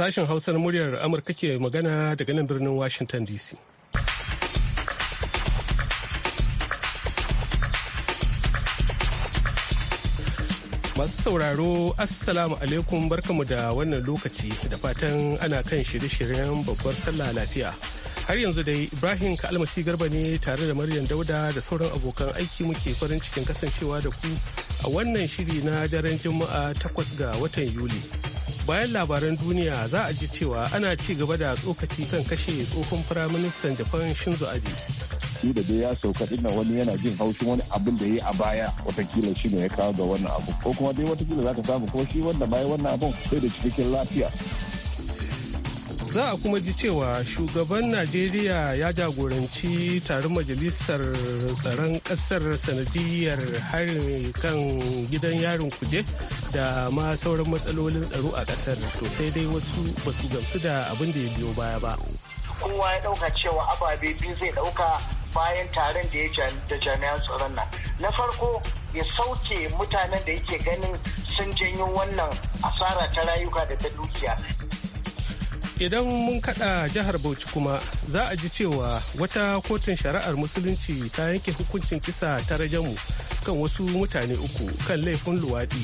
Sashen Hausar muryar Amurka ke magana daga nan birnin Washington DC. Masu sauraro, Assalamu alaikum barkamu da wannan lokaci da fatan ana kan shirye-shiryen babbar sallah lafiya. har yanzu dai ibrahim kalmasi garba ne tare da maryam dauda da sauran abokan aiki muke farin cikin kasancewa da ku a wannan shiri na daren juma'a 8 ga watan yuli bayan labaran duniya za a ji cewa ana ci gaba da tsokaci kan kashe tsohon firaministan japan shinzo abe shi da ya sauka din wani yana jin haushin wani abin da ya yi a baya watakila shi ne ya kawo ga wannan abu ko kuma dai watakila za ka samu ko shi wanda bayan wannan abun sai da cikakken lafiya za a kuma ji cewa shugaban najeriya ya jagoranci taron majalisar tsaron kasar sanadiyar harin kan gidan yarin kuje da ma sauran matsalolin tsaro a ƙasar to sai dai wasu basu gamsu da abin da ya biyo baya ba kowa ya dauka cewa ababe biyu zai dauka bayan taron da ya da jami'an tsaron nan na farko ya sauke mutanen da yake ganin sun janyo wannan asara ta rayuka da ta dukiya idan mun kada jihar bauchi kuma za a ji cewa wata kotun shari'ar musulunci ta yanke hukuncin kisa ta rajamu kan wasu mutane uku kan laifin luwaɗi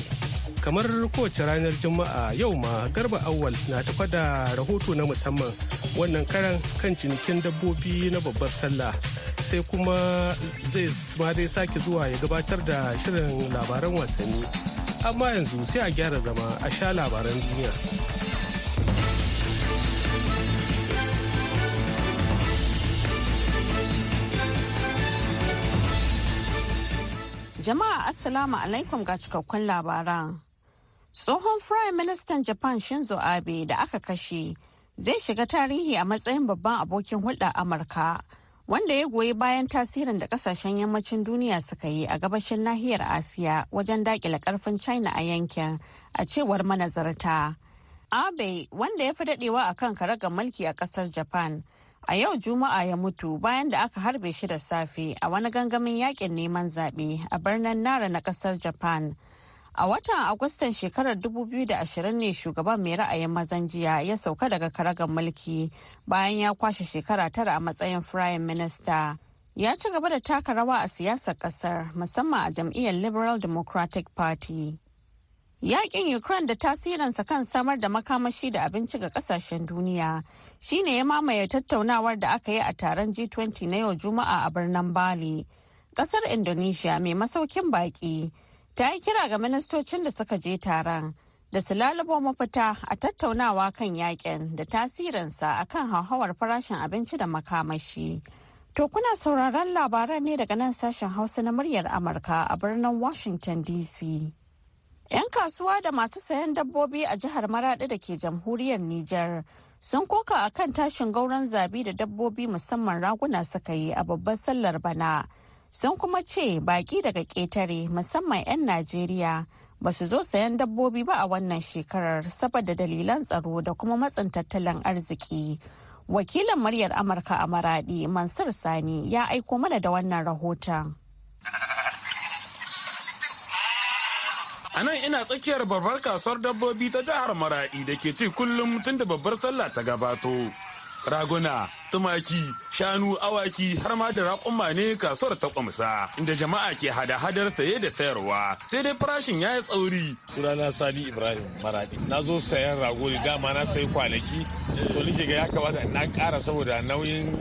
kamar kowace ranar juma'a yau ma garba awal na ta da rahoto na musamman wannan karan kan cinikin dabbobi na babbar sallah sai kuma zai ma dai sake zuwa ya gabatar da shirin labaran wasanni amma yanzu sai a gyara zama a sha labaran duniya. Jama'a Assalamu alaikum ga cikakkun labaran. Tsohon prime Ministan Japan Shinzo Abe da aka kashe zai shiga tarihi a matsayin babban abokin hulɗa Amurka wanda ya goyi bayan tasirin da kasashen yammacin duniya suka yi a gabashin nahiyar Asiya wajen daƙile ƙarfin China a yankin a cewar manazarta. Abe wanda ya fi daɗewa a kan mulki a ƙasar Japan. a yau juma'a ya mutu bayan da aka harbe shi da safe a wani gangamin yakin neman zaɓe a birnin nara na ƙasar japan a watan agustan shekarar 2020 ne shugaban mai ra'ayin mazan jiya ya sauka daga karagar mulki bayan ya kwashe shekara tara a matsayin firayim minista ya ci gaba da taka rawa a siyasar kasar musamman a jam'iyyar liberal democratic party Yaƙin Ukraine da tasirinsa kan samar da makamashi da abinci ga ƙasashen duniya shine ya mamaye tattaunawar da aka yi a taron G20 na yau Juma'a a birnin Bali. Ƙasar Indonesia mai masaukin baƙi ta yi kira ga ministocin da suka je taron da su lalubo mafita a tattaunawa kan yaƙin da tasirinsa a kan hauhawar farashin abinci da makamashi. To kuna sauraron labaran ne daga nan sashen Hausa na muryar Amurka a birnin Washington DC. 'Yan kasuwa da masu sayan dabbobi a jihar Maraɗi da ke jamhuriyar Nijar sun koka a kan tashin gauran zabi da dabbobi musamman raguna suka yi a babbar sallar bana. Sun kuma ce baƙi daga ƙetare musamman 'yan Najeriya ba su zo sayan dabbobi ba a wannan shekarar saboda dalilan tsaro da kuma matsin tattalin arziki. Wakilin muryar Amurka a Maraɗi Mansur Sani ya aiko mana da wannan rahoton. a nan ina tsakiyar babbar kasuwar dabbobi ta jihar marai da ke ci kullum tun da babbar sallah ta gabato raguna tumaki shanu awaki har ma da raƙumma ne kasuwar ta ƙumsa inda jama'a ke hada-hadar saye da sayarwa sai dai farashin ya yi tsauri sunana sani ibrahim maradi na zo sayan rago ne dama na sayi kwanaki to nike ga ya kamata na ƙara saboda nauyin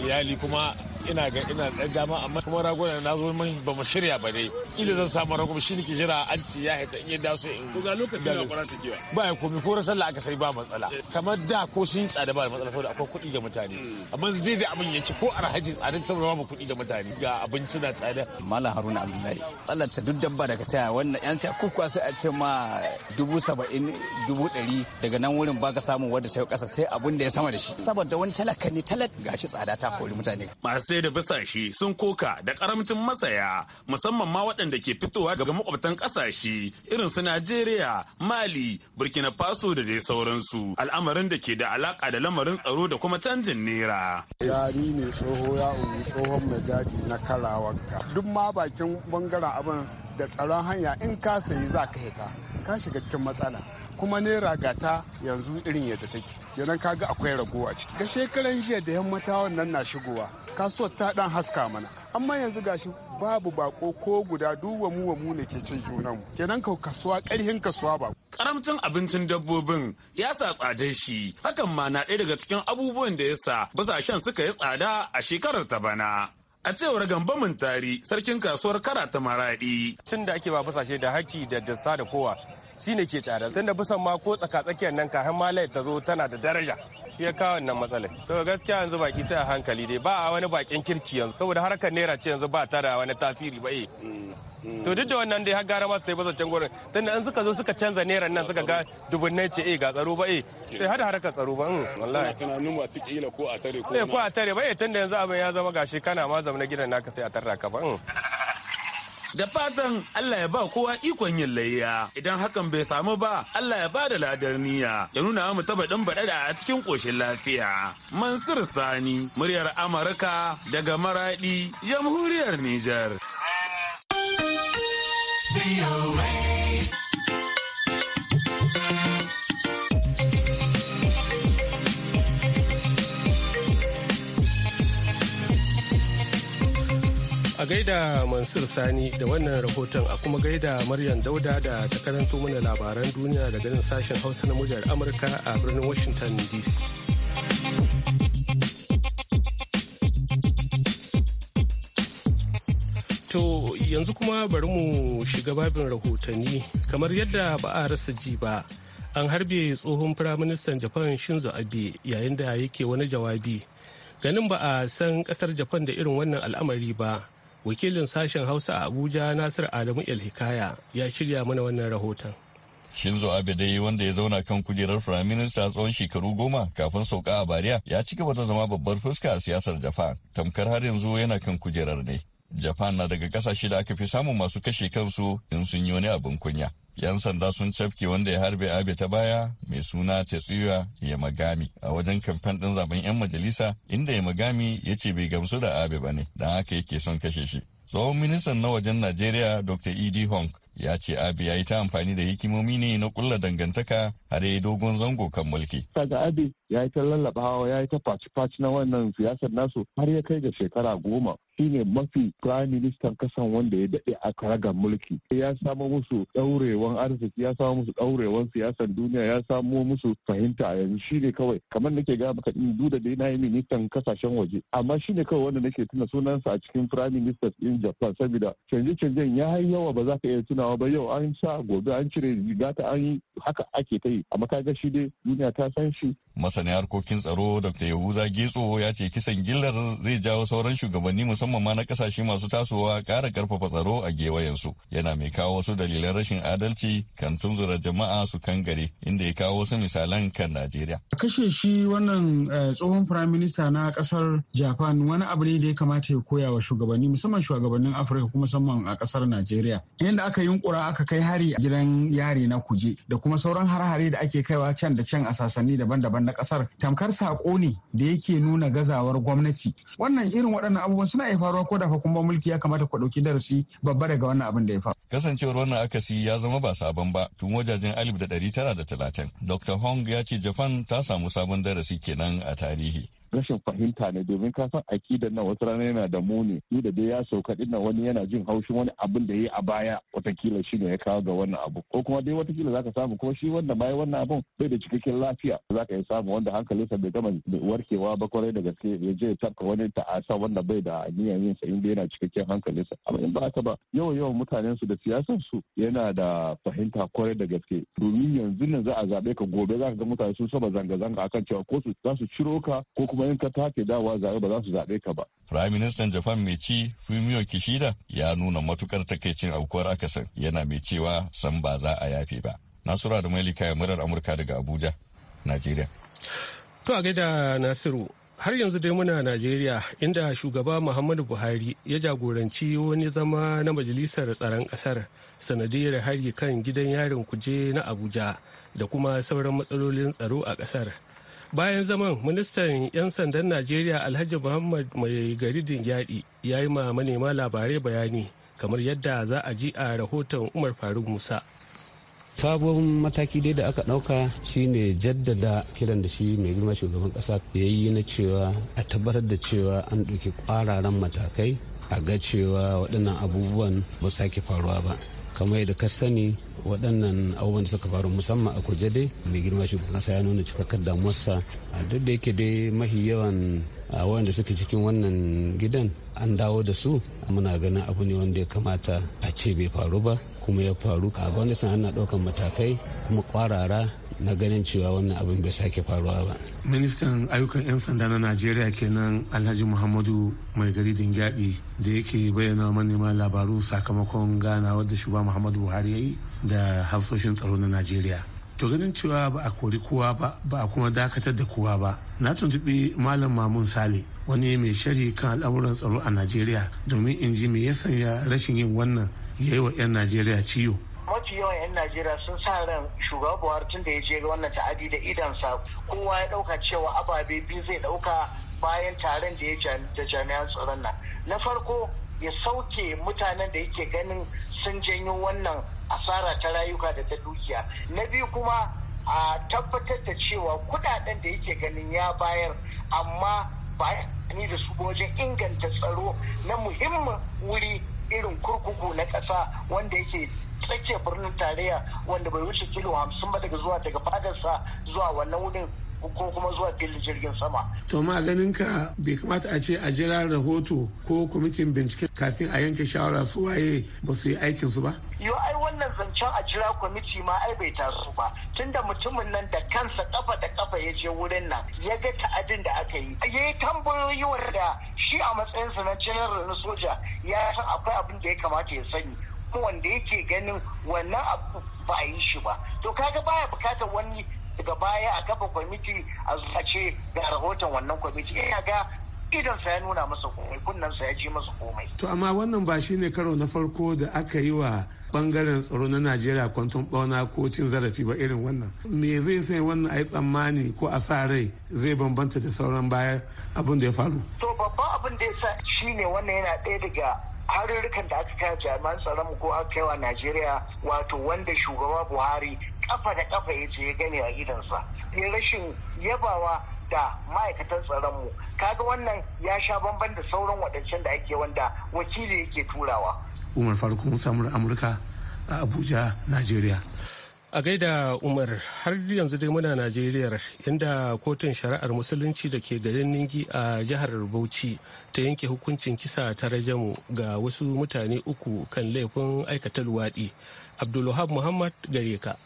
iyali kuma ina ga ina da dama amma kuma ragon na zo mun ba mu shirya ba dai kila zan samu rago shi ke jira an ci ya haita in ya daso in to ga lokacin da kwara kiwa ba ya komi ko sallah aka sai ba matsala kamar da ko sun tsada ba matsala saboda akwai kuɗi ga mutane hmm. amma zai da abin yake ko arhaji tsada saboda mu kuɗi ga mutane ga abinci na tsada mallam haruna abdullahi ta duk dabba daga taya wannan yan ta kuka sai a ce ma dubu saba'in dubu ɗari daga nan wurin baka samu wadda ta yi ƙasa sai abun da ya sama da shi saboda wani talaka ne talaka gashi tsada ta kori mutane masu Fulani da bisashe sun koka da karamcin masaya musamman ma waɗanda ke fitowa daga makwabtan ƙasashe irin su Najeriya, Mali, Burkina Faso da dai sauransu. Al'amarin da ke da alaka da lamarin tsaro da kuma canjin nera. Ya ni ne tsoho ya umu tsohon mai daji na karawanka. Duk ma bakin bangaren abin da tsaron hanya in ka sayi za ka ka shiga cikin matsala. kuma naira gata yanzu irin yadda take kenan kaga akwai a ciki ga shekaran jiya da yammata wannan na shigowa kasuwar ta dan haska mana amma yanzu gashi babu bako ko guda duk wamu mu ne ke cin junanmu kenan ka kasuwa karhin kasuwa ba karamcin abincin dabbobin ya sa tsada shi hakan ma na ɗaya daga cikin abubuwan da ya sa basashen suka yi tsada a shekarar ta bana a cewar gambamin tari sarkin kasuwar kara ta maraɗi. Tun da ake ba fasashe da haki da dasa da kowa shine ke tsada tunda bisan ma ko tsaka tsakiyar nan kafin ma ta zo tana da daraja shi ya kawo wannan matsalai to gaskiya yanzu baki sai a hankali dai ba a wani bakin kirki yanzu saboda harkar naira ce yanzu ba ta da wani tasiri ba eh to duk da wannan dai har gara ma sai ba can gurin tunda in suka zo suka canza naira nan suka ga dubunnai ce eh ga tsaro ba eh sai hada harkar tsaro ba hmm, wallahi tunanin ba tiki ila ko a tare ko eh, ko a tare ba eh tunda yanzu abin ya zama gashi kana ma zama na gidan naka sai a tarra ka ba hmm. Da fatan Allah ya ba kowa ikon yin layya idan hakan bai samu ba Allah ya ba da ladar niyya ya nuna mu tabaɗin baɗaɗa a cikin koshin lafiya. Mansur Sani muryar Amurka daga Maraɗi jamhuriyar Nijar. gaida Mansur Sani da wannan rahoton a kuma gaida Maryam Dauda da ta karanto mana labaran duniya daga nan sashen Hausa na muryar Amurka a birnin Washington DC. To yanzu kuma bari mu shiga babin rahotanni kamar yadda ba a rasa ji ba. An harbe tsohon firaministan Japan Shinzo Abe yayin da yake wani jawabi. Ganin ba a san kasar Japan da irin wannan al'amari ba. wakilin sashen hausa a abuja nasir adamu hikaya ya shirya mana wannan rahoton Shinzo Abe dai wanda ya zauna kan kujerar firaminista tsawon shekaru goma kafin sauka a bariya ya ci gaba da zama babbar fuska a siyasar Japan tamkar har yanzu yana kan kujerar ne. Japan na daga kasashe da aka fi samun masu kashe kansu in sun yi wani abin kunya. 'Yan sanda sun cafke wanda ya harbe abe ta baya mai suna Tetsuya magami a wajen kamfen ɗin zaben 'yan majalisa inda ya magami ya ce bai gamsu da abe ba ne don haka yake son kashe shi. Tsohon ministan na wajen Najeriya Dr. E.D. Hong ya ce abi ya yi ta amfani da hikimomi ne na kulla dangantaka har ya dogon zango kan mulki. Daga abi ya yi ta lallabawa ya yi ta faci-faci na wannan siyasar nasu har ya kai ga shekara goma. shine mafi prime minister kasan wanda ya daɗe a karagar mulki ya samo musu ɗaurewan arziki ya samo musu ɗaurewan siyasar duniya ya samo musu fahimta a yanzu shi ne kawai kamar nake gaya maka in duda da yana yi ministan kasashen waje amma shi ne kawai wanda nake tuna sunansa a cikin prime minister din Japan saboda canje-canjen ya yi yawa ba za ka iya tuna canzawa ba yau an sa gobe an cire riga ta an yi haka ake ta yi amma kaga shi dai duniya ta san shi masanin harkokin tsaro dr yahuza getso ya ce kisan gillar zai jawo sauran shugabanni musamman ma na kasashe masu tasowa kara karfafa tsaro a gewayensu yana mai kawo wasu dalilan rashin adalci kan tunzura jama'a su kan gare inda ya kawo wasu misalan kan najeriya kashe shi wannan eh, tsohon prime minister na kasar japan wani abu ne da ya kamata ya koya wa shugabanni musamman shugabannin afirka kuma musamman a kasar najeriya yadda aka yunkura aka kai hari a gidan yari na kuje da kuma sauran har-hare da ake kaiwa can da can a sasanni daban-daban na kasar tamkar sako ne da yake nuna gazawar gwamnati wannan irin waɗannan abubuwan suna iya faruwa ko da fa kuma mulki ya kamata ku ɗauki darasi babba daga wannan abin da ya faru kasancewar wannan akasi ya zama ba sabon ba tun wajajen 1930 dr hong ya ce japan ta samu sabon darasi kenan a tarihi rashin fahimta ne domin ka san akidan nan wasu rana yana da muni ni da dai ya sauka din nan wani yana jin haushin wani abin da ya yi a baya watakila shi ne ya kawo ga wannan abu ko kuma dai watakila zaka samu ko shi wanda bai wannan abun bai da cikakken lafiya zaka iya samu wanda hankalinsa bai gama warkewa ba kwarai da gaske ya je tafka wani ta'asa wanda bai da niyan yin sa in dai yana cikakken hankalinsa amma in ba haka ba yawan yawan mutanen su da siyasar su yana da fahimta kwarai da gaske domin yanzu nan za a zabe ka gobe za ka ga mutane sun saba zanga-zanga akan cewa ko su za su ciro ka ko kuma in ka take dawa zaɓe ba za su zaɓe ka ba. Prime Minister Japan mai ci Fumio Kishida ya nuna matukar takaicin aukuwar akasin yana mai cewa san ba za a yafe ba. Nasura da Malika ya murar Amurka daga Abuja, Najeriya. To a gaida Nasiru, har yanzu dai muna Najeriya inda shugaba Muhammadu Buhari ya jagoranci wani zama na majalisar tsaron ƙasar sanadiyar hari kan gidan yarin kuje na Abuja da kuma sauran matsalolin tsaro a ƙasar. bayan zaman ministan 'yan sandan najeriya alhaji muhammad mai garidin yaɗi ya yi ma manema labarai bayani kamar yadda za a ji a rahoton umar faruk musa sabon mataki dai da aka ɗauka shine jaddada kiran da shi mai girma shugaban ƙasa ya yi na cewa a tabbatar da cewa an ɗauki ƙwararan matakai a ga cewa waɗannan abubuwan ba sake faruwa ba kamar yadda ka sani waɗannan abubuwan da suka faru musamman a kuje dai mai girma shi kasa ya nuna cikakkar damuwarsa duk da yake dai mahi yawan a wanda suke cikin wannan gidan an dawo da su muna ganin abu ne wanda ya kamata a ce bai faru ba kuma ya faru a gwamnatin ana ɗaukan matakai kuma kwarara na ganin cewa wannan abin bai sake faruwa ba. Ministan ayyukan 'yan sanda na Najeriya kenan Alhaji Muhammadu mai gari Dingyadi da yake bayyana manema labaru sakamakon gana da shugaba Muhammadu Buhari ya yi da hafsoshin tsaro na Najeriya. To ganin cewa ba a kori kowa ba, ba a kuma dakatar da kowa ba. Na tuntuɓi Malam Mamun Sale, wani mai shari kan al'amuran tsaro a Najeriya domin in ji me ya sanya rashin yin wannan ya yi wa 'yan Najeriya ciwo. mafi yawan 'yan najeriya sun sa ran shugaba buhari tun da ya je wannan ta'adi da idansa kowa ya ɗauka cewa ababe biyu zai ɗauka bayan taron da ya da jami'an tsaron nan na farko ya sauke mutanen da yake ganin sun janyo wannan asara ta rayuka da ta dukiya na biyu kuma a tabbatar da cewa kudaden da yake ganin ya bayar amma ba ni da su wajen inganta tsaro na muhimmin wuri irin kurkuku na ƙasa wanda yake tsakiyar birnin tarayya wanda bai wuce kilo hamsin ba daga zuwa daga fadarsa zuwa wannan wurin ko kuma zuwa filin jirgin sama. To ma ganin ka bai kamata a ce a jira rahoto ko kwamitin bincike kafin a yanke shawara su waye ba su yi aikin su ba? Yo ai wannan zancen a jira kwamiti ma ai bai taso ba tunda mutumin nan da kansa kafa da kafa ya je wurin nan ya ga ta'adin da aka yi. Ya yi tambayoyi wanda shi a matsayinsa na janar na soja ya san akwai abin da ya kamata ya sani. kuma wanda yake ganin wannan abu ba a yi shi ba to kaga baya bukatar wani daga baya a kafa kwamiti a zuwa ga rahoton wannan kwamiti ya ga sa ya nuna masa komai kunnensa ya ji masa komai. To amma wannan ba shi ne karo na farko da aka yi wa bangaren tsaro na Najeriya kwantun bauna ko cin zarafi ba irin wannan. Me zai sai wannan ai tsammani ko a sa rai zai bambanta da sauran baya abin da ya faru? To babban abin da ya sa shi ne wannan yana ɗaya daga harurrukan da aka kai jami'an tsaron ko aka kai wa Najeriya wato wanda shugaba Buhari kafa da kafa ya ce ya gane a gidansa ya rashin yabawa da ma'aikatan tsaronmu kaga wannan ya sha bamban da sauran waɗancan da ake wanda wakili yake turawa umar faruk samun amurka a abuja nigeria. a gaida umar har yanzu dai muna najeriya inda kotun shari'ar musulunci da ke garin ningi a jihar bauchi ta yanke hukuncin kisa ta rajamu ga wasu mutane uku kan laifin aikata luwaɗi abdulwahab muhammad gare ka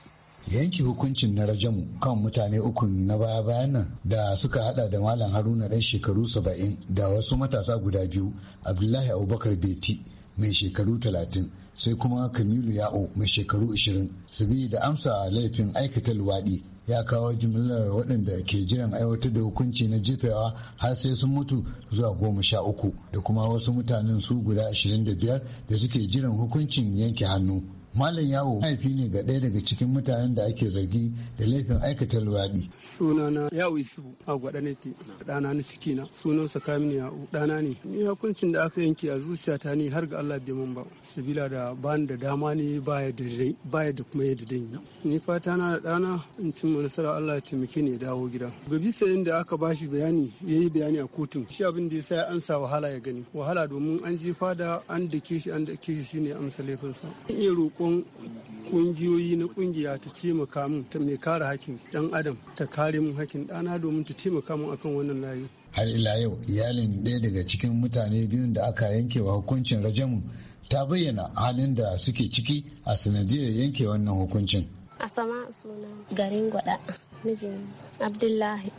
yanke hukuncin na rajamu kan mutane uku na baya bayan nan da suka hada da malam haruna dan shekaru saba'in da wasu matasa guda biyu abdullahi abubakar beti mai shekaru talatin sai kuma kamilu ya'o mai shekaru ashirin su bi da amsa laifin aikata luwaɗi ya kawo jimillar waɗanda ke jiran aiwatar da hukunci na jefewa har sai sun mutu zuwa goma sha uku da kuma wasu mutanen su guda ashirin da biyar da suke jiran hukuncin yanke hannu Malam Yawo mahaifi ne ga ɗaya daga cikin mutanen da ake zargi da laifin aikata luwaɗi. Sunana Yawo Isu a ke. ɗana na sikina, sunansa Kamini Yawo, ɗana ne. Ni hukuncin da aka yanke a ta ne har ga Allah bai man ba, sabila da bani da dama ne baya da kuma yadda yi. Ni fata na da ɗana in cin nasara Allah ya taimake ni ya dawo gida. Ga bisa yadda aka bashi bayani, ya yi bayani a kotun. Shi abin da ya sa an sa wahala ya gani. Wahala domin an je fada an dake shi an dake shi ne amsa laifinsa. In iya roƙo roƙon kungiyoyi na ƙungiya ta taimaka min ta mai kare hakkin ɗan adam ta kare mun hakkin ɗana domin ta taimaka mun akan wannan layi. har ila yau iyalin ɗaya daga cikin mutane biyun da aka yankewa hukuncin rajamu ta bayyana halin da suke ciki a sanadiyar yanke wannan hukuncin. a sama suna garin gwada mijin abdullahi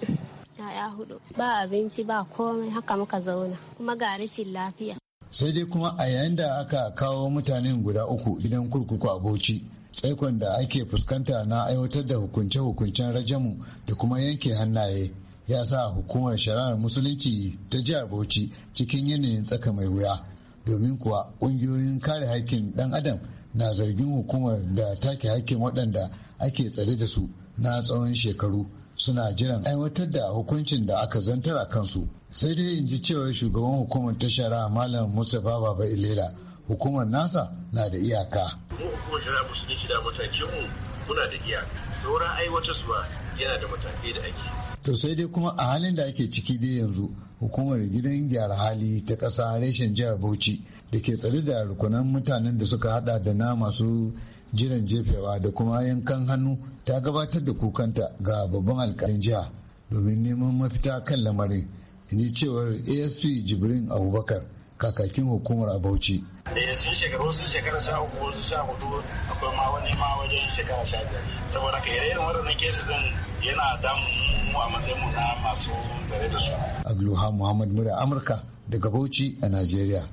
ya'ya hudu ba abinci ba komai haka muka zauna kuma ga rashin lafiya sai dai kuma a yayin da aka kawo mutanen guda uku gidan kurkuku a bauchi tsaikon da ake fuskanta na aiwatar da hukunce-hukuncen rajamu da kuma yanke hannaye ya sa hukumar shari'ar musulunci ta jihar bauchi cikin yanayin tsaka mai wuya domin kuwa ƙungiyoyin kare haƙƙin ɗan adam na zargin hukumar da take haƙƙin waɗanda ake tsare da su na tsawon shekaru suna jiran aiwatar da hukuncin da aka zantar a kansu sai dai in ji cewa shugaban hukumar ta shara malam mustapha baba ilela hukumar nasa na da iyaka mu hukumar shari'a musulunci da matakin mu muna da iyaka sauran yana da matakai da ake to sai dai kuma a halin da ake ciki dai yanzu hukumar gidan gyara hali ta ƙasa reshen jihar bauchi da ke tsare da rukunan mutanen da suka hada da na masu jiran jefewa da kuma yankan hannu ta gabatar da kukanta ga babban alkalin jiha domin neman mafita kan lamarin inji cewar asp jibrin abubakar kakakin hukumar a bauchi da eh, sun shekaru sun shekara sha uku wasu sha hudu akwai ma wani ma wajen shekara sha biyar saboda ka yayin waɗannan kesi din yana damun mu a matsayin mu na masu zare da su abdulwahab muhammad murya amurka daga bauchi a najeriya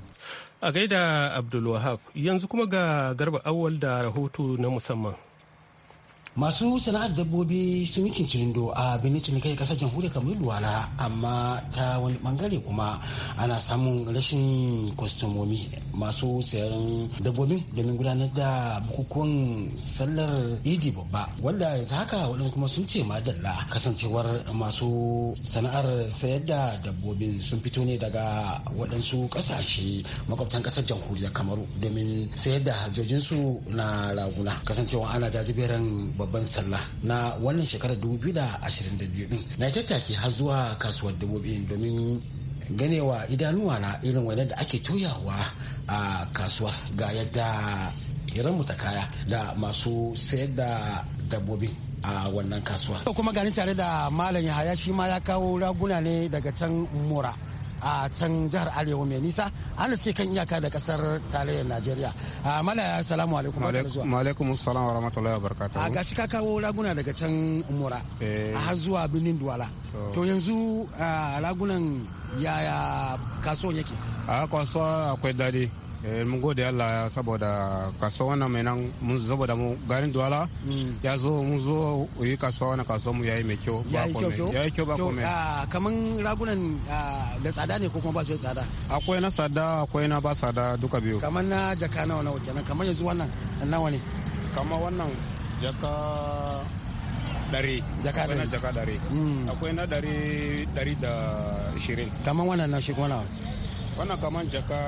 a gaida abdulwahab yanzu kuma ga garba awal da rahoto na musamman masu sana'ar dabbobi sun yi cincirindo a birnin cinikai kasar jamhuriyar kamar luwala amma ta wani bangare kuma ana samun rashin kwastomomi masu sayan dabbobi domin gudanar da bukukuwan sallar idi babba wanda yanzu haka waɗansu kuma sun ce madalla kasancewar masu sana'ar sayar da dabbobi sun fito ne daga waɗansu ƙasashe makwabtan kasar jamhuriyar kamaru domin sayar da hajjojinsu na raguna kasancewa ana jazibiran babban sallah na wannan shekarar 2022 din na tattaki har zuwa kasuwar dabbobi domin ganewa idanuwa na irin wani da ake toyawa a kasuwa ga yadda mu ta kaya da masu sayar da dabbobi a wannan kasuwa. Kuma gani tare da Malam Yahaya shi ma ya kawo raguna ne daga can Mura. a can jihar arewa mai nisa an suke kan iyaka da kasar tarayyar najeriya ya salamu alaikum wa alaikum salam wa rahmatullahi wa barakatuhu a gashi ka kawo raguna daga can umura eh. har zuwa birnin duwala to yanzu ragunan yaya kasuwan yake a kasuwa akwai dadi Eh, mun gode Allah saboda kasuwa wannan mai nan mun saboda mu garin Duwala mm. ya zo mun zo yi kasuwa wannan kasuwa mu yayi mai kyau ba komai yayi kyau ba komai ah, kaman ragunan ah, da tsada ne ko kuma ba su tsada akwai na tsada akwai na ba tsada duka biyu kaman na jaka nawa nawa kenan kaman yanzu wannan nan nawa ne kaman wannan jaka dari jaka dari jaka dari akwai na dari dari mm. da ishirin kaman wannan na shi kuma wannan kaman jaka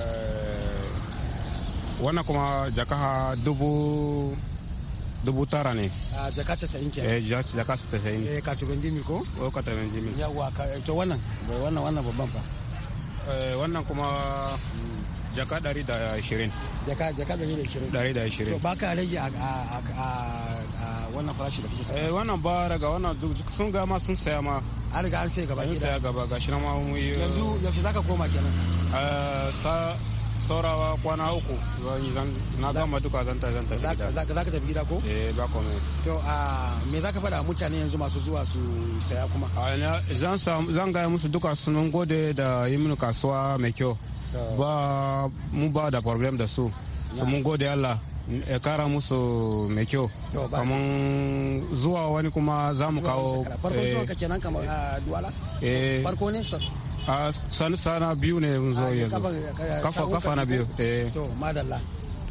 Eh, wannan kuma jaka dubu dubu tara ne a ah, jaka casa'in ke eh jaka casa'in eh katubin jimi ko ko katubin jimi yawa ka eh, to wannan wannan wannan babban fa eh, wannan kuma jaka dari da ashirin jaka jaka dari da ashirin dari da ashirin to baka rage a a a wannan farashi da kuke eh wannan ba raga wannan duk sun ga ma sun saya ma an riga an sai gaba gida sai gaba gashi na ma mu yanzu yanzu zaka koma kenan Eh, sa saurawa kwana uku na gama duka zan ta zan ta gida za ka tafi gida ko eh ba kome to a me za ka faɗa mutane yanzu masu zuwa su saya kuma zan zan gaya musu duka sunan gode da yi mini kasuwa mai kyau ba mu ba da problem da su su mun gode Allah ya kara musu mai kyau kamar zuwa wani kuma za mu kawo farko eh, zuwa ka kenan kamar duwala eh. farko ne a ah, sana biyu ne mun zo ah, yanzu kafa kafa na biyu eh to madalla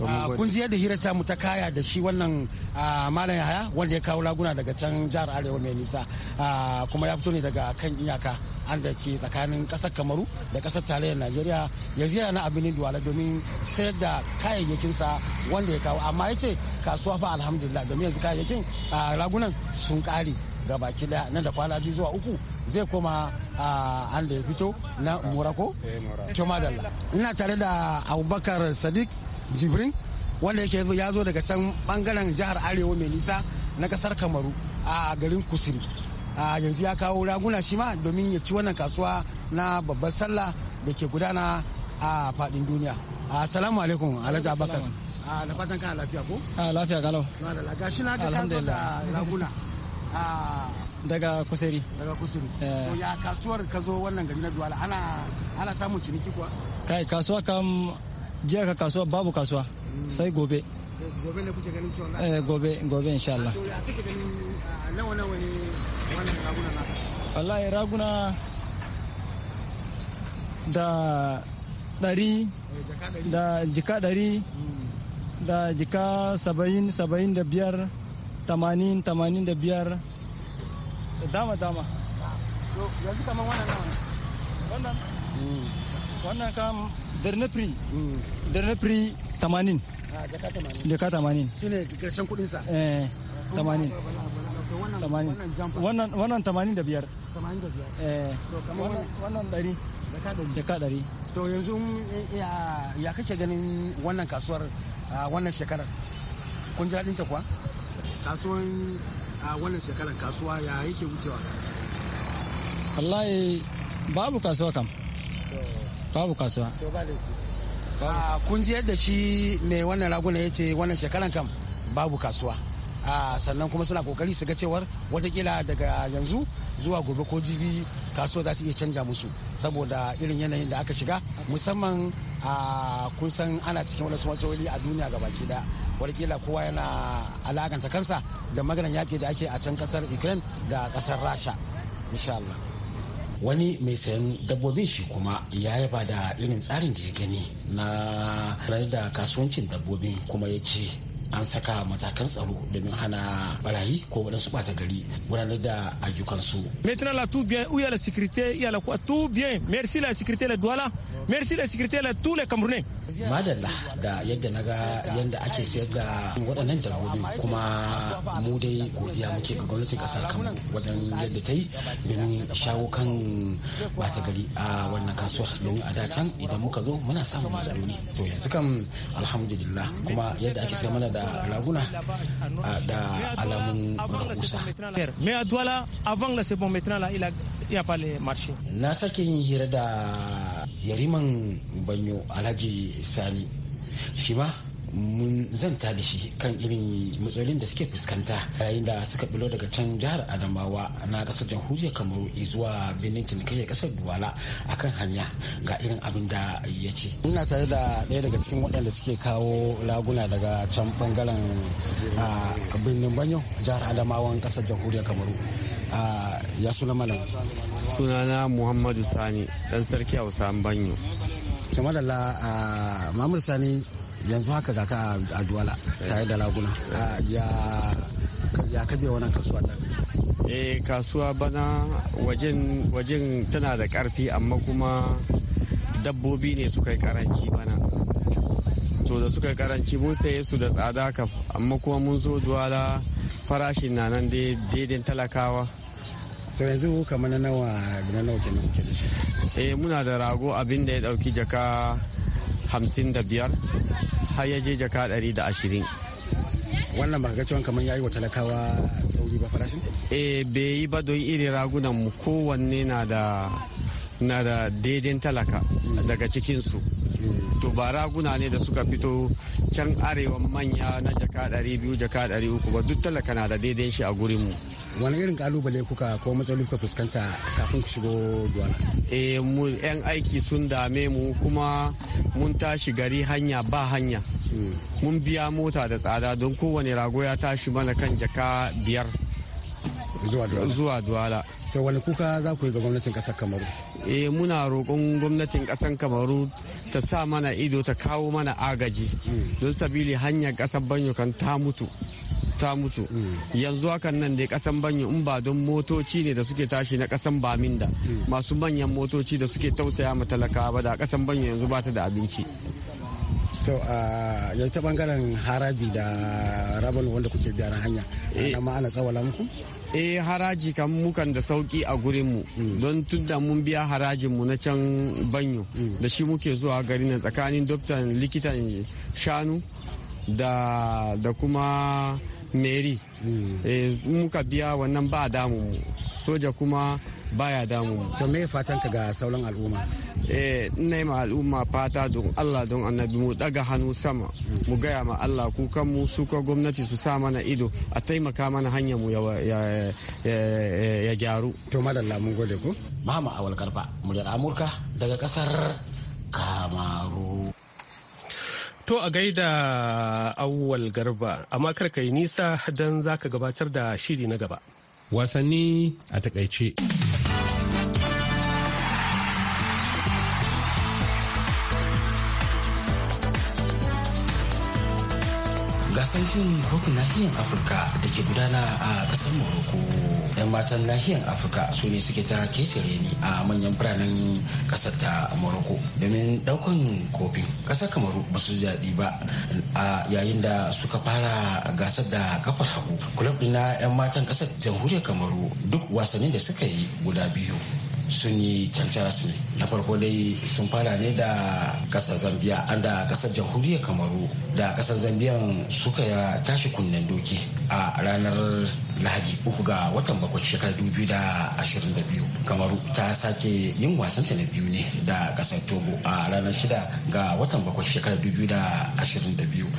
ah, kun ji yadda hirarta mu ta kaya da shi wannan malam yahaya wanda ya kawo laguna daga can jihar arewa mai nisa kuma ya fito ne daga kan iyaka an da ke tsakanin kasar kamaru da kasar tarayyar najeriya ya ziyara na abinin duwala domin sayar da kayayyakinsa wanda ya kawo amma ya ce kasuwa fa alhamdulillah domin yanzu kayayyakin ragunan sun kare ga baki daya nan da kwana biyu zuwa uku zai koma an da ya fito na morocco kyomadalla eh, ina tare da abubakar sadiq jibrin wanda yake ya zo daga can bangaren jihar arewa mai nisa na kasar kamaru a garin kusiri yanzu ya kawo raguna shi ma domin ya ci wannan kasuwa na babbar sallah da ke gudana a fadin duniya assalamu alaikum alhaji abakas na fatan ka lafiya ko lafiya galau lagashi na ka da raguna Ah. daga kusuri daga kusuri to eh. ya kasuwar ka zo wannan gari na duwala ana ana samun ciniki kuwa kai kasuwa kam jiya ka kasuwa babu kasuwa hmm. sai gobe eh, gobe ne kuke ganin cewa eh gobe gobe insha Allah to ya kike ganin ah, nawa nawa ne wannan raguna na wallahi raguna da dari eh, da jika dari hmm. da jika sabayin sabayin da biyar tamanin tamanin da biyar da dama dama yanzu kamar wannan wannan hmm. wannan kam dernepri dernepri hmm. ah, tamanin jaka tamanin shi ne karshen kudinsa eh tamanin wannan tamanin da biyar eh, wannan dari jaka dari to yanzu eh, eh, ya kake ganin wannan kasuwar ah, wannan shekarar kun ji daɗinta kuwa kasuwan a wannan shekarar kasuwa ya yake wucewa wallahi babu kasuwa kam babu kasuwa kun ji yadda shi mai wannan raguna ya ce wannan shekaran kam babu kasuwa sannan kuma suna kokari su ga cewar watakila daga yanzu zuwa gobe ko jibi kasuwa za ta iya canja musu saboda irin yanayin da aka shiga musamman kun san ana cikin wani matsaloli a duniya baki daya warkila kowa yana alakanta kansa da maganin yaki da ake a can kasar ukraine da kasar rasha insha Allah. wani mai sayan dabbobin shi kuma ya yaba da irin tsarin da ya gani na ranar da kasuwancin dabbobin kuma ya ce an saka matakan tsaro domin hana barayi ko waɗansu ɓata gari gudanar da ayyukansu. Maintenant la tout bien, où il la sécurité, il la quoi, tout bien. Merci la sécurité, la douala. Merci la sécurité, la tout les Camerounais. madalla da yadda na ga yadda ake sayar da waɗannan dabbobi kuma mu dai godiya muke ga gwamnatin ƙasar kanmu wajen yadda ta yi domin shawo kan bata gari a wannan kasuwar domin a dacan idan muka zo muna samun matsaloli to yanzu kan alhamdulillah kuma yadda ake sayar mana da raguna da alamun rahusa. ya pale marshe. Na sake yin hira da yariman banyo alhaji sani shi ma mun zanta da shi kan irin matsalolin da suke fuskanta yayin da suka bilo daga can jihar adamawa na kasar jamhuriyar kamaru zuwa benin cinikayya kasar duwala akan hanya ga irin abin da ya ce ina tare da ɗaya daga cikin waɗanda suke kawo laguna daga can bangaren ah, birnin banyo jihar adamawan kasar jamhuriyar kamaru ya suna malam sunana muhammadu sani dan sarki hausa banyo kamar da mamur sani yanzu haka ga ka a duwala tare da laguna ya kaje wannan kasuwa ta eh kasuwa bana wajen wajen tana da karfi amma kuma dabbobi ne suka yi karanci bana to da suka yi karanci mun saye su da tsada ka amma kuma mun zo duwala Farashin na nan daidai talakawa to yanzu kamar na nawa na nawa kenan kuke da shi eh muna da rago abin da ya dauki jaka hamsin da biyar har ya je jaka ɗari da ashirin wannan ba ga cewa kamar ya yi wa talakawa sauri ba farashin eh bai yi ba don irin ragunan mu kowanne na da na da daidai talaka daga cikinsu hmm. to ba raguna ne da suka fito can arewa manya na jaka ɗari biyu jaka ɗari uku ba duk talaka na da daidai shi a gurin mu. wani irin kalubale kuka ko matsaloli kuka fuskanta kafin ku shigo duwala eh mu yan aiki sun dame mu kuma mun tashi gari hanya ba hanya hmm. mun biya mota da tsada don kowane rago ya tashi mana kan jaka biyar zuwa duwala to wani kuka za ku yi ga gwamnatin kasar kamaru eh muna roƙon gwamnatin kasar kamaru ta sa mana ido ta kawo mana agaji don sabili hanyar ƙasar banyo kan ta mutu ta mutu yanzu hakan nan dai kasan banyo in ba don motoci ne da suke tashi na kasan baminda masu manyan motoci da suke tausaya ma talakawa ba da kasan banyo yanzu ba da abinci to yanzu ta bangaren haraji da rabon wanda kuke biya na hanya eh. amma ana tsawala muku eh haraji kan mukan da sauki a gurin mu mm. don tunda mun biya harajin mu na can banyo mm. da shi muke zuwa gari na tsakanin doktan likitan shanu da da kuma mary mm. eh, muka biya wannan ba damu soja kuma baya damu to me fatan ka ga sauran al'umma eh ina ma al'umma fata don Allah don annabi mu daga hannu sama mu gaya ma Allah kukan mu su ka gwamnati su sa mana ido a taimaka mana hanyar mu ya gyaru to madalla mun gode ko mama awal karfa muryar amurka daga kasar kamaru To a gaida awwal garba, amma kar ka yi nisa don za ka gabatar da shiri na gaba. Wasanni a takaice. taron jin hukun nahiyar afirka da ke gudana a ƙasar morocco yan matan nahiyar afirka su ne suke ta kesare ne a manyan biranen ƙasar ta morocco domin ɗaukan kofin ƙasar kamaru ba su jaɗi ba a yayin da suka fara gasar da kafar hagu kulab na yan matan ƙasar jamhuriyar kamaru duk wasannin da suka yi guda biyu sun yi cancara su na farko dai sun fara ne da kasar zambia an da kasar jamhuriyar kamaru da kasar zambiyan suka tashi kunnen doki a ranar lahadi uku ga watan bakwai shekarar dubu da kamaru ta sake yin wasanta na biyu ne da kasar togo a ranar shida ga watan bakwai shekarar dubu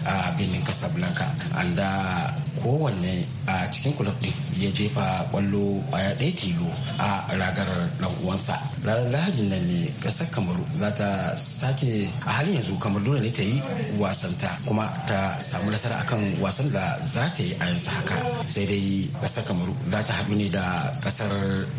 a birnin casablanca an da kowanne a cikin kulub din ya jefa kwallo kwaya ɗaya tilo a ragar ɗan uwansa ranar lahadin nan ne ƙasar kamaru za ta sake a halin yanzu kamar dole ne ta yi wasanta kuma ta samu nasara akan wasan da za ta yi a yanzu haka sai dai kasar kamaru za ta haɗu ne da kasar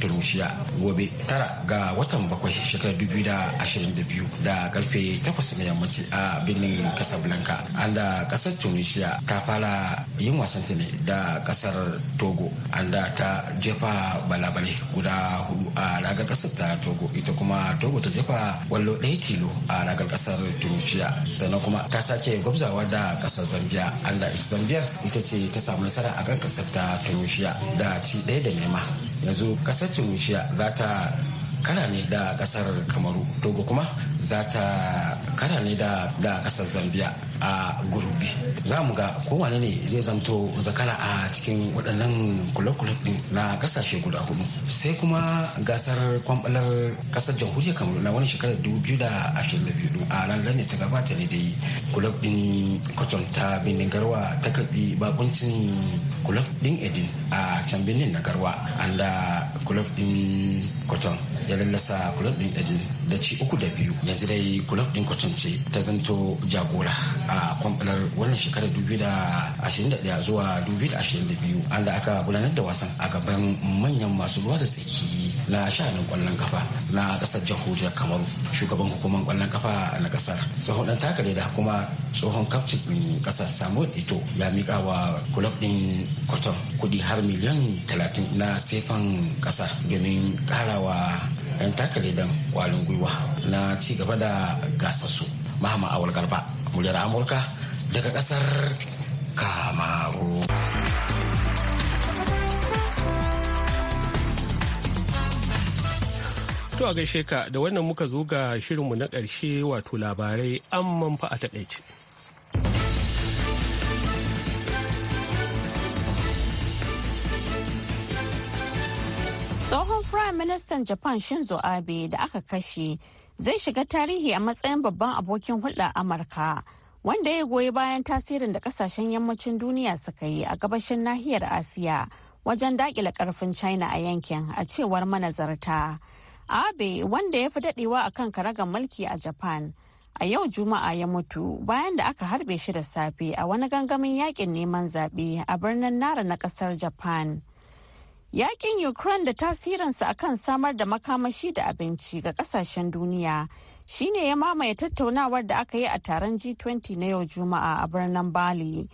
turushiya gobe tara ga watan bakwai shekarar dubu da ashirin da biyu da karfe takwas na yammaci a birnin casablanca an da kasar tunisia ta fara yin wasan ta ne da kasar togo an da ta jefa balabale guda hudu a ragar kasar ta togo ita kuma togo ta jefa wallo ɗaya tilo a ragar kasar tunisia sannan kuma ta sake gwabzawa da kasar zambia an da zambia ita ce ta samu nasara a kan kasar ta tunisia tunisia da ci ɗaya da nema yanzu ƙasar tunisia za ta kara ne da ƙasar kamaru togo kuma za ta kara ne da ƙasar zambia a gurbi za mu ga kowane ne zai zamto zakara a cikin waɗannan kule ɗin na ƙasashe guda hudu sai kuma gasar kwamɓalar ƙasar jamhuriyar kamaru na wani shekarar dubu biyu da ashirin da biyu a ranar ne ta gabata ne dai kulab ɗin kwaton ta birnin garwa ta karɓi bakuncin kulab ɗin edin a can birnin na garwa an da kulab ɗin kwaton ya lallasa kulab ɗin edin da ci uku da biyu yanzu dai kulab ɗin kwaton ce ta zanto jagora a kwamfular wannan shekarar 2021 zuwa 2022 an da aka gudanar da wasan a gaban manyan masu ruwa da tsaki na sha'anin kwallon kafa na kasar jamhuriyar kamaru shugaban hukumar kwallon kafa na kasar tsohon dan takare da kuma tsohon kaftin din kasar samuel ito ya mika wa kulob din cotton kudi har miliyan talatin na sefan kasar domin karawa 'yan takare dan kwalin gwiwa na ci gaba da su mahama awal garba muryar amurka daga kasar kamaru To a gaishe ka da wannan muka zo ga shirinmu na ƙarshe wato labarai an manfa a taƙaice. Tsohon firayim Ministan Japan Shinzo Abe da aka kashe zai shiga tarihi a matsayin babban abokin hulɗa amurka wanda ya goyi bayan tasirin da kasashen yammacin duniya suka yi a gabashin nahiyar asiya wajen daƙile ƙarfin china a yankin a cewar manazarta abe wanda ya fi daɗewa a kan karagar mulki a japan a yau juma'a ya mutu bayan da aka harbe shi da safe a wani gangamin yakin neman zaɓe a birnin nara na ƙasar japan Yakin Ukraine da tasirinsa akan samar da makamashi da abinci ga kasashen duniya shine ya mamaye tattaunawar da aka yi a taron G20 na yau Juma'a a birnin Bali.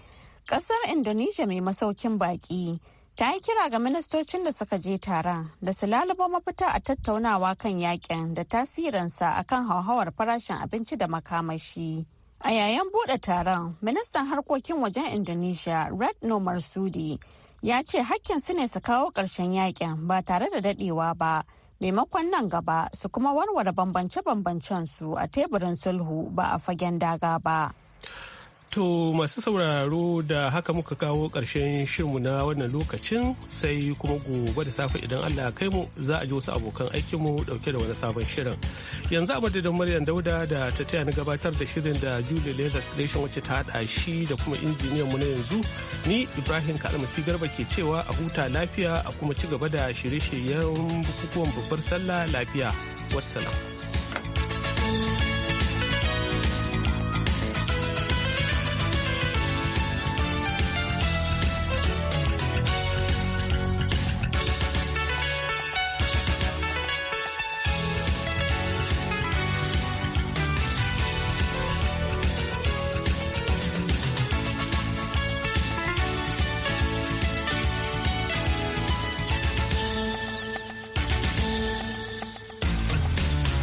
Kasar Indonesia mai masaukin baki ta yi kira ga ministocin da suka je taron da su lalubo mafita a tattaunawa kan yakin da tasirinsa akan hauhawar farashin abinci da makamashi. A yayin buɗe taron, ministan harkokin wajen Indonesia Red Nomar Marsudi ya ce hakkin su ne su kawo ƙarshen yakin ba tare da daɗewa ba maimakon nan gaba su kuma warware bambance-bambancen su a teburin sulhu ba a fagen daga ba. To masu sauraro da haka muka kawo ƙarshen shirmu na wannan lokacin sai kuma gobe da safe idan Allah kai mu za a ji wasu abokan aikinmu dauke da wani sabon shirin. Yanzu a madadin Maryam Dauda da ta taya ni gabatar da shirin da Julie Lazarus Station wacce ta haɗa shi da kuma injiniyan mu na yanzu ni Ibrahim Kalmasi Garba ke cewa a huta lafiya a kuma ci gaba da shirye-shiryen bukukuwan babbar sallah lafiya. Wassalam.